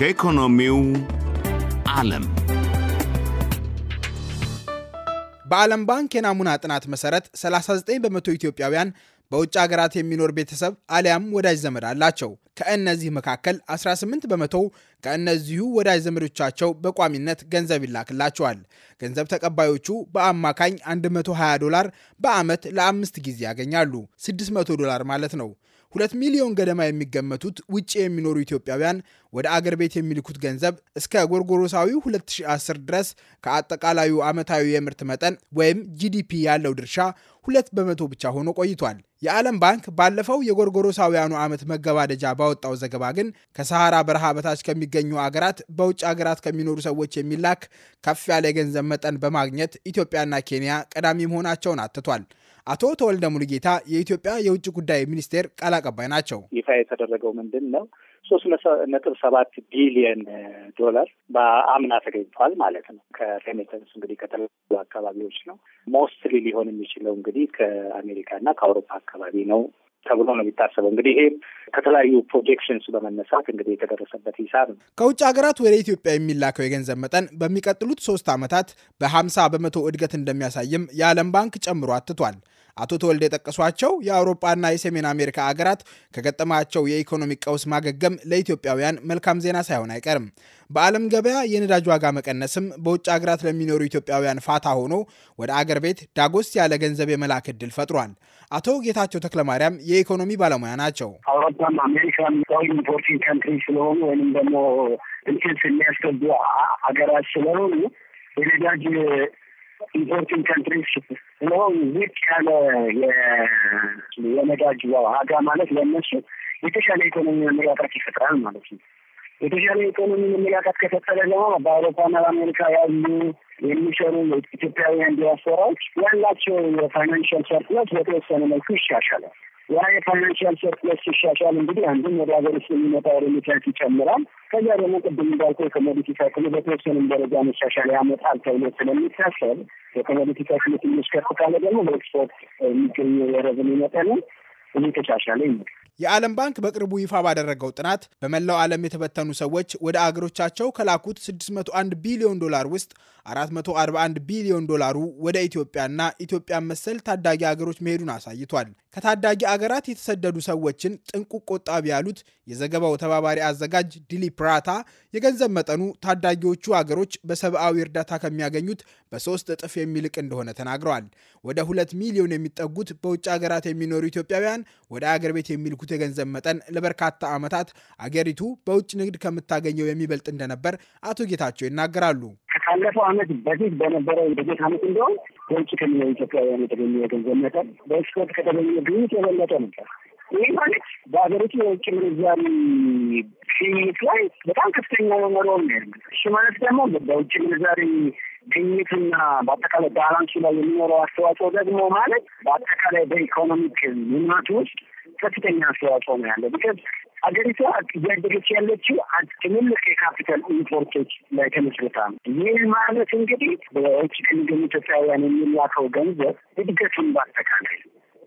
ከኢኮኖሚው ዓለም በዓለም ባንክ የናሙና ጥናት መሠረት 39 በመቶ ኢትዮጵያውያን በውጭ ሀገራት የሚኖር ቤተሰብ አሊያም ወዳጅ ዘመድ አላቸው። ከእነዚህ መካከል 18 በመቶ ከእነዚሁ ወዳጅ ዘመዶቻቸው በቋሚነት ገንዘብ ይላክላቸዋል። ገንዘብ ተቀባዮቹ በአማካኝ 120 ዶላር በዓመት ለአምስት ጊዜ ያገኛሉ፣ 600 ዶላር ማለት ነው። ሁለት ሚሊዮን ገደማ የሚገመቱት ውጭ የሚኖሩ ኢትዮጵያውያን ወደ አገር ቤት የሚልኩት ገንዘብ እስከ ጎርጎሮሳዊ 2010 ድረስ ከአጠቃላዩ ዓመታዊ የምርት መጠን ወይም ጂዲፒ ያለው ድርሻ ሁለት በመቶ ብቻ ሆኖ ቆይቷል። የዓለም ባንክ ባለፈው የጎርጎሮሳውያኑ ዓመት መገባደጃ ባወጣው ዘገባ ግን ከሰሐራ በረሃ በታች ከሚገኙ አገራት በውጭ አገራት ከሚኖሩ ሰዎች የሚላክ ከፍ ያለ የገንዘብ መጠን በማግኘት ኢትዮጵያና ኬንያ ቀዳሚ መሆናቸውን አትቷል። አቶ ተወልደ ሙሉጌታ የኢትዮጵያ የውጭ ጉዳይ ሚኒስቴር ቃል አቀባይ ናቸው። ይፋ የተደረገው ምንድን ነው? ሶስት ነጥብ ሰባት ቢሊየን ዶላር በአምና ተገኝቷል ማለት ነው። ከሬሜተንስ እንግዲህ ከተለያዩ አካባቢዎች ነው። ሞስትሊ ሊሆን የሚችለው እንግዲህ ከአሜሪካና ከአውሮፓ አካባቢ ነው ተብሎ ነው የሚታሰበው። እንግዲህ ይሄ ከተለያዩ ፕሮጀክሽንስ በመነሳት እንግዲህ የተደረሰበት ሂሳብ ነው። ከውጭ ሀገራት ወደ ኢትዮጵያ የሚላከው የገንዘብ መጠን በሚቀጥሉት ሶስት ዓመታት በሀምሳ በመቶ እድገት እንደሚያሳይም የዓለም ባንክ ጨምሮ አትቷል። አቶ ተወልደ የጠቀሷቸው የአውሮፓና የሰሜን አሜሪካ አገራት ከገጠማቸው የኢኮኖሚ ቀውስ ማገገም ለኢትዮጵያውያን መልካም ዜና ሳይሆን አይቀርም። በዓለም ገበያ የነዳጅ ዋጋ መቀነስም በውጭ አገራት ለሚኖሩ ኢትዮጵያውያን ፋታ ሆኖ ወደ አገር ቤት ዳጎስ ያለ ገንዘብ የመላክ እድል ፈጥሯል። አቶ ጌታቸው ተክለማርያም የኢኮኖሚ ባለሙያ ናቸው። አውሮፓና አሜሪካም ኢምፖርቲንግ ካንትሪ ስለሆኑ ወይም ደግሞ ኢምፖርት የሚያስገቡ ሀገራት ስለሆኑ የነዳጅ ኢምፖርቲንግ ካንትሪስ ስለሆን ውጭ ያለ የነዳጅ ዋጋ ማለት ለእነሱ የተሻለ ኢኮኖሚ መነጋጋት ይፈጥራል ማለት ነው። የተሻለ ኢኮኖሚ መነጋጋት ከፈጠረ ደግሞ በአውሮፓና በአሜሪካ ያሉ የሚሰሩ ኢትዮጵያውያን ዲያስፖራዎች ያላቸው የፋይናንሽል ሰርፕለስ በተወሰነ መልኩ ይሻሻላል። ያ የፋይናንሽል ሰርፕለስ ሲሻሻል እንግዲህ አንዱም ወደ ሀገር ውስጥ የሚመጣው ሬሚታንስ ይጨምራል። ከዚያ ደግሞ ቅድም እንዳልኩ የኮሞዲቲ ሳይክሉ በተወሰኑም ደረጃ መሻሻል ያመጣል ተብሎ ስለሚታሰብ የኮሞዲቲ ሳይክሉ ትንሽ ከፍ ካለ ደግሞ በኤክስፖርት የሚገኙ የረዝን ይመጠንም እየተሻሻለ ይመጣል። የዓለም ባንክ በቅርቡ ይፋ ባደረገው ጥናት በመላው ዓለም የተበተኑ ሰዎች ወደ አገሮቻቸው ከላኩት 601 ቢሊዮን ዶላር ውስጥ 441 ቢሊዮን ዶላሩ ወደ ኢትዮጵያና ኢትዮጵያን መሰል ታዳጊ አገሮች መሄዱን አሳይቷል። ከታዳጊ አገራት የተሰደዱ ሰዎችን ጥንቁቅ ቆጣቢ ያሉት የዘገባው ተባባሪ አዘጋጅ ዲሊ ፕራታ የገንዘብ መጠኑ ታዳጊዎቹ አገሮች በሰብአዊ እርዳታ ከሚያገኙት በሶስት እጥፍ የሚልቅ እንደሆነ ተናግረዋል። ወደ ሁለት ሚሊዮን የሚጠጉት በውጭ አገራት የሚኖሩ ኢትዮጵያውያን ወደ አገር ቤት የሚልኩት የገንዘብ መጠን ለበርካታ ዓመታት አገሪቱ በውጭ ንግድ ከምታገኘው የሚበልጥ እንደነበር አቶ ጌታቸው ይናገራሉ። ካለፈው አመት በፊት በነበረው በጀት አመት እንዲሆን በውጭ ከሚኖሩ ኢትዮጵያውያን የተገኘ የገንዘብ መጠን በኤክስፖርት ከተገኘ ግኝት የበለጠ ነበር። ይህ ማለት በሀገሪቱ የውጭ ምንዛሪ ግኝት ላይ በጣም ከፍተኛ የመሮር ነው። እሱ ማለት ደግሞ በውጭ ምንዛሪ ግኝትና በአጠቃላይ ባላንሱ ላይ የሚኖረው አስተዋጽኦ ደግሞ ማለት በአጠቃላይ በኢኮኖሚክ ልማት ውስጥ ከፍተኛ አስተዋጽኦ ነው ያለው። ቢካዝ ሀገሪቷ እያደገች ያለችው አንድ ትልልቅ የካፒታል ኢምፖርቶች ላይ ተመስርታ ነው። ይህ ማለት እንግዲህ በውጭ ከሚገኙ ኢትዮጵያውያን የሚላከው ገንዘብ እድገቱን ባጠቃላይ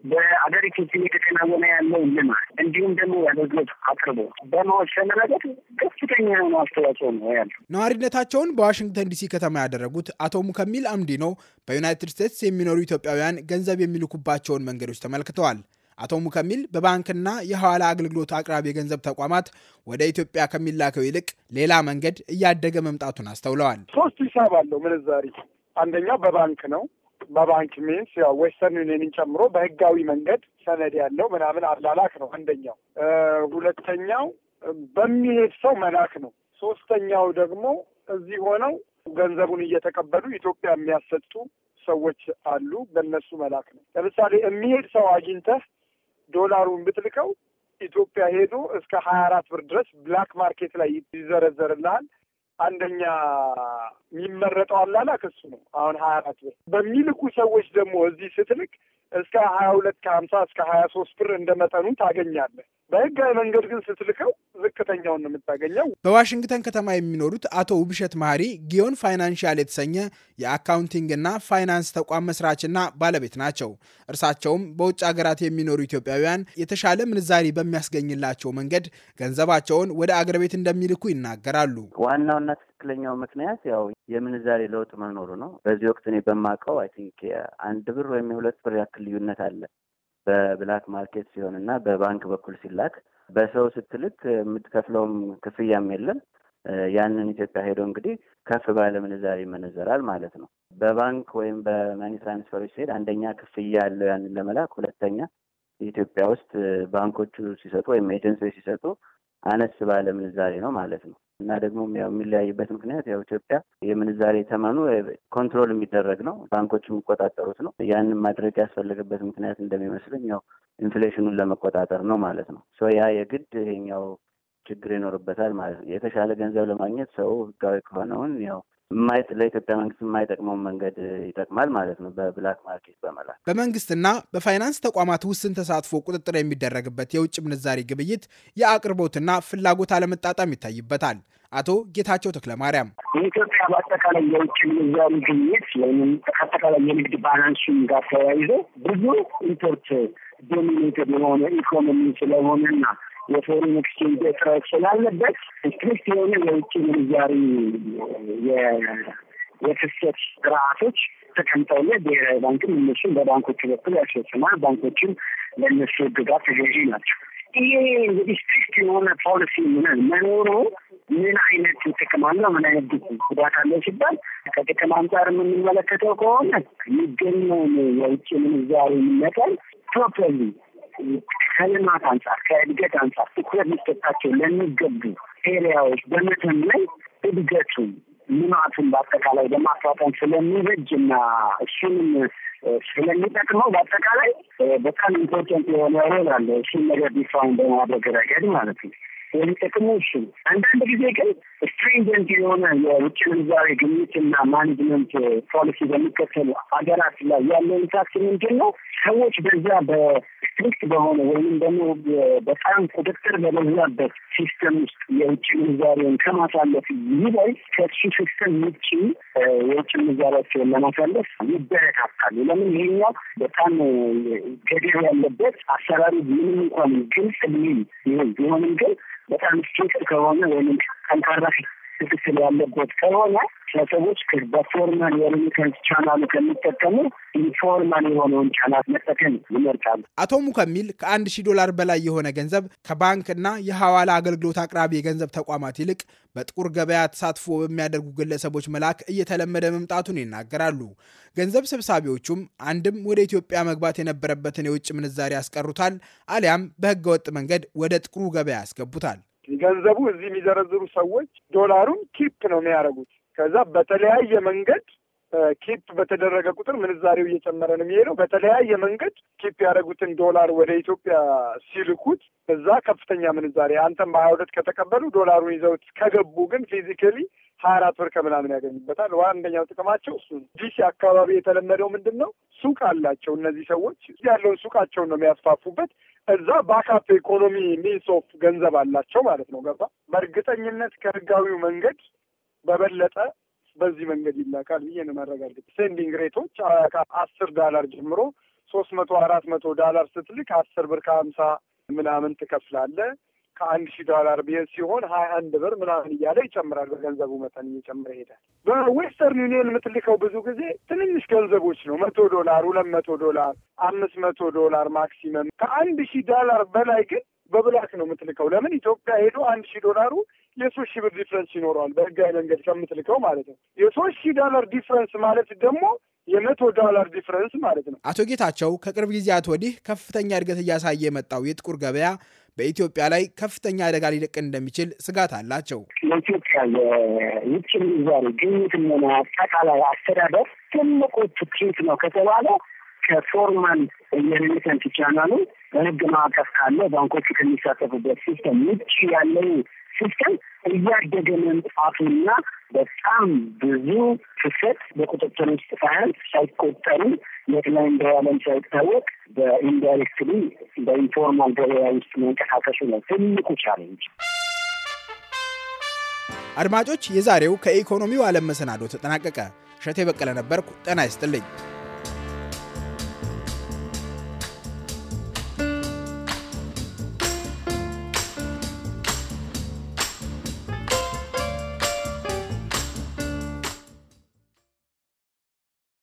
በአገሪቱ ውስጥ እየተከናወነ ያለው ልማት እንዲሁም ደግሞ የአገልግሎት አቅርቦ በመወሰን ረገድ ከፍተኛ የሆነ አስተዋጽኦ ነው ያለው። ነዋሪነታቸውን በዋሽንግተን ዲሲ ከተማ ያደረጉት አቶ ሙከሚል አምዲኖ በዩናይትድ ስቴትስ የሚኖሩ ኢትዮጵያውያን ገንዘብ የሚልኩባቸውን መንገዶች ተመልክተዋል። አቶ ሙከሚል በባንክና የሐዋላ አገልግሎት አቅራቢ የገንዘብ ተቋማት ወደ ኢትዮጵያ ከሚላከው ይልቅ ሌላ መንገድ እያደገ መምጣቱን አስተውለዋል። ሶስት ሂሳብ አለው ምንዛሪ። አንደኛው በባንክ ነው። በባንክ ሚንስ ያው ዌስተርን ዩኒየንን ጨምሮ በህጋዊ መንገድ ሰነድ ያለው ምናምን አላላክ ነው አንደኛው። ሁለተኛው በሚሄድ ሰው መላክ ነው። ሶስተኛው ደግሞ እዚህ ሆነው ገንዘቡን እየተቀበሉ ኢትዮጵያ የሚያሰጡ ሰዎች አሉ። በእነሱ መላክ ነው። ለምሳሌ የሚሄድ ሰው አግኝተህ ዶላሩን ብትልከው ኢትዮጵያ ሄዶ እስከ ሀያ አራት ብር ድረስ ብላክ ማርኬት ላይ ይዘረዘርልሃል። አንደኛ የሚመረጠው አላላክ እሱ ነው። አሁን ሀያ አራት ብር በሚልኩ ሰዎች ደግሞ እዚህ ስትልክ እስከ ሀያ ሁለት ከሀምሳ እስከ ሀያ ሶስት ብር እንደ መጠኑ ታገኛለህ። በህጋዊ መንገድ ግን ስትልከው ዝቅተኛውን ነው የምታገኘው። በዋሽንግተን ከተማ የሚኖሩት አቶ ውብሸት መሀሪ ጊዮን ፋይናንሽል የተሰኘ የአካውንቲንግና ፋይናንስ ተቋም መስራችና ባለቤት ናቸው። እርሳቸውም በውጭ ሀገራት የሚኖሩ ኢትዮጵያውያን የተሻለ ምንዛሪ በሚያስገኝላቸው መንገድ ገንዘባቸውን ወደ አገር ቤት እንደሚልኩ ይናገራሉ። ዋናውና ትክክለኛው ምክንያት ያው የምንዛሬ ለውጥ መኖሩ ነው። በዚህ ወቅት እኔ በማውቀው አይ ቲንክ አንድ ብር ወይም የሁለት ብር ያክል ልዩነት አለ በብላክ ማርኬት ሲሆን እና በባንክ በኩል ሲላክ በሰው ስትልክ የምትከፍለውም ክፍያም የለም። ያንን ኢትዮጵያ ሄዶ እንግዲህ ከፍ ባለ ምንዛሪ ይመነዘራል ማለት ነው። በባንክ ወይም በመኒ ትራንስፈሮች ሲሄድ አንደኛ ክፍያ ያለው ያንን ለመላክ፣ ሁለተኛ ኢትዮጵያ ውስጥ ባንኮቹ ሲሰጡ ወይም ኤጀንሲዎች ሲሰጡ አነስ ባለ ምንዛሬ ነው ማለት ነው። እና ደግሞ ያው የሚለያይበት ምክንያት ያው ኢትዮጵያ የምንዛሬ ተመኑ ኮንትሮል የሚደረግ ነው፣ ባንኮች የሚቆጣጠሩት ነው። ያንን ማድረግ ያስፈለገበት ምክንያት እንደሚመስለኝ ያው ኢንፍሌሽኑን ለመቆጣጠር ነው ማለት ነው። ሶ ያ የግድ ይሄኛው ችግር ይኖርበታል ማለት ነው። የተሻለ ገንዘብ ለማግኘት ሰው ህጋዊ ከሆነውን ያው ማየት ለኢትዮጵያ መንግስት የማይጠቅመውን መንገድ ይጠቅማል ማለት ነው። በብላክ ማርኬት በመላ በመንግስትና በፋይናንስ ተቋማት ውስን ተሳትፎ ቁጥጥር የሚደረግበት የውጭ ምንዛሪ ግብይት የአቅርቦትና ፍላጎት አለመጣጣም ይታይበታል። አቶ ጌታቸው ተክለ ማርያም የኢትዮጵያ በአጠቃላይ የውጭ ምንዛሪ ግብይት ወይም አጠቃላይ የንግድ ባላንሱን ጋር ተያይዞ ብዙ ኢምፖርት ዶሚኔትድ የሆነ ኢኮኖሚ ስለሆነና የፎሪን ኤክስቼንጅ እጥረት ስላለበት ስትሪክት የሆነ የውጭ ምንዛሪ የፍሰት ስርዓቶች ተቀምጠውለ ብሔራዊ ባንክም እነሱም በባንኮቹ በኩል ያስፈጽማል። ባንኮችም ለእነሱ ድጋፍ ተገዢ ናቸው። ይሄ እንግዲህ ስትሪክት የሆነ ፖሊሲ ምናል መኖሩ ምን አይነት ጥቅም አለው፣ ምን አይነት ጉዳት አለው ሲባል ከጥቅም አንጻር የምንመለከተው ከሆነ የሚገኘውን የውጭ ምንዛሪ መጠን ፕሮፐርሊ ከልማት አንጻር ከእድገት አንጻር ትኩረት ሊሰጣቸው ለሚገቡ ኤሪያዎች በመተን ላይ እድገቱ ልማቱን በአጠቃላይ ለማፋጠን ስለሚበጅና እሱንም ስለሚጠቅመው በአጠቃላይ በጣም ኢምፖርተንት የሆነ ሮል አለ። እሱን ነገር ዲፋይን በማድረግ ረገድ ማለት ነው። የሚጠቅሙ እሱ አንዳንድ ጊዜ ግን ስትሪንጀንት የሆነ የውጭ ምንዛሬ ግኝትና ማኔጅመንት ፖሊሲ በሚከተሉ ሀገራት ላይ ያለው ኢንፋክት ምንድን ነው? ሰዎች በዛ በስትሪክት በሆነ ወይም ደግሞ በጣም ቁጥጥር በበዛበት ሲስተም ውስጥ የውጭ ምንዛሬውን ከማሳለፍ ይበል ከሱ ሲስተም ውጭ የውጭ ምንዛሬያቸውን ለማሳለፍ ይበረታታሉ። ለምን ይሄኛው በጣም ገደብ ያለበት አሰራሩ ምንም እንኳን ግልጽ ሊል ቢሆንም ግን በጣም ፊት ከሆነ ወይም ጠንካራ ትክክል ያለበት ከሆነ ለሰዎች በፎርማል የሪሚተንስ ቻናሉ ከሚጠቀሙ ኢንፎርማል የሆነውን ቻናል መጠቀም ይመርጣሉ። አቶ ሙከሚል ከአንድ ሺህ ዶላር በላይ የሆነ ገንዘብ ከባንክ እና የሐዋላ አገልግሎት አቅራቢ የገንዘብ ተቋማት ይልቅ በጥቁር ገበያ ተሳትፎ በሚያደርጉ ግለሰቦች መላክ እየተለመደ መምጣቱን ይናገራሉ። ገንዘብ ሰብሳቢዎቹም አንድም ወደ ኢትዮጵያ መግባት የነበረበትን የውጭ ምንዛሪ ያስቀሩታል፣ አሊያም በህገወጥ መንገድ ወደ ጥቁሩ ገበያ ያስገቡታል። ገንዘቡ እዚህ የሚዘረዝሩ ሰዎች ዶላሩን ኪፕ ነው የሚያደርጉት። ከዛ በተለያየ መንገድ ኪፕ በተደረገ ቁጥር ምንዛሬው እየጨመረ ነው የሚሄደው። በተለያየ መንገድ ኪፕ ያደረጉትን ዶላር ወደ ኢትዮጵያ ሲልኩት እዛ ከፍተኛ ምንዛሬ አንተም በሀያ ሁለት ከተቀበሉ ዶላሩን ይዘውት ከገቡ ግን ፊዚካሊ ሀያ አራት ብር ከምናምን ያገኙበታል። አንደኛው ጥቅማቸው እሱ ነው። ዲሲ አካባቢ የተለመደው ምንድን ነው? ሱቅ አላቸው እነዚህ ሰዎች ያለውን ሱቃቸውን ነው የሚያስፋፉበት። እዛ ባካፕ ኢኮኖሚ ሚንስ ኦፍ ገንዘብ አላቸው ማለት ነው። ገባ በእርግጠኝነት ከህጋዊው መንገድ በበለጠ በዚህ መንገድ ይላካል ብዬ ነው ሴንዲንግ ሬቶች ከአስር ዳላር ጀምሮ ሶስት መቶ አራት መቶ ዳላር ስትልክ አስር ብር ከሀምሳ ምናምን ትከፍላለህ። ከአንድ ሺህ ዶላር ብሄድ ሲሆን ሀያ አንድ ብር ምናምን እያለ ይጨምራል። በገንዘቡ መጠን እየጨመረ ይሄዳል። በዌስተርን ዩኒየን የምትልከው ብዙ ጊዜ ትንንሽ ገንዘቦች ነው። መቶ ዶላር፣ ሁለት መቶ ዶላር፣ አምስት መቶ ዶላር ማክሲመም። ከአንድ ሺህ ዶላር በላይ ግን በብላክ ነው የምትልከው። ለምን ኢትዮጵያ ሄዶ አንድ ሺህ ዶላሩ የሶስት ሺህ ብር ዲፍረንስ ይኖረዋል በህጋዊ መንገድ ከምትልከው ማለት ነው። የሶስት ሺህ ዶላር ዲፍረንስ ማለት ደግሞ የመቶ ዶላር ዲፍረንስ ማለት ነው። አቶ ጌታቸው ከቅርብ ጊዜያት ወዲህ ከፍተኛ እድገት እያሳየ የመጣው የጥቁር ገበያ በኢትዮጵያ ላይ ከፍተኛ አደጋ ሊደቅ እንደሚችል ስጋት አላቸው። የኢትዮጵያ የውጭ ምንዛሪ ግኝትም ሆነ አጠቃላይ አስተዳደር ትልቁ ትኬት ነው ከተባለ ከፎርማል የሬሚተንስ ቻናሉ በህግ ማዕቀፍ ካለ ባንኮቹ ከሚሳተፉበት ሲስተም ውጭ ያለው ሲስተም እያደገ መምጣቱና በጣም ብዙ ፍሰት በቁጥጥር ውስጥ ሳያል ሳይቆጠሩ የት ላይ እንደዋለም ሳይታወቅ በኢንዳይሬክትሊ በኢንፎርማል ገበያ ውስጥ መንቀሳቀሱ ነው ትልቁ ቻሌንጅ። አድማጮች፣ የዛሬው ከኢኮኖሚው ዓለም መሰናዶ ተጠናቀቀ። እሸቴ በቀለ ነበርኩ። ጤና ይስጥልኝ።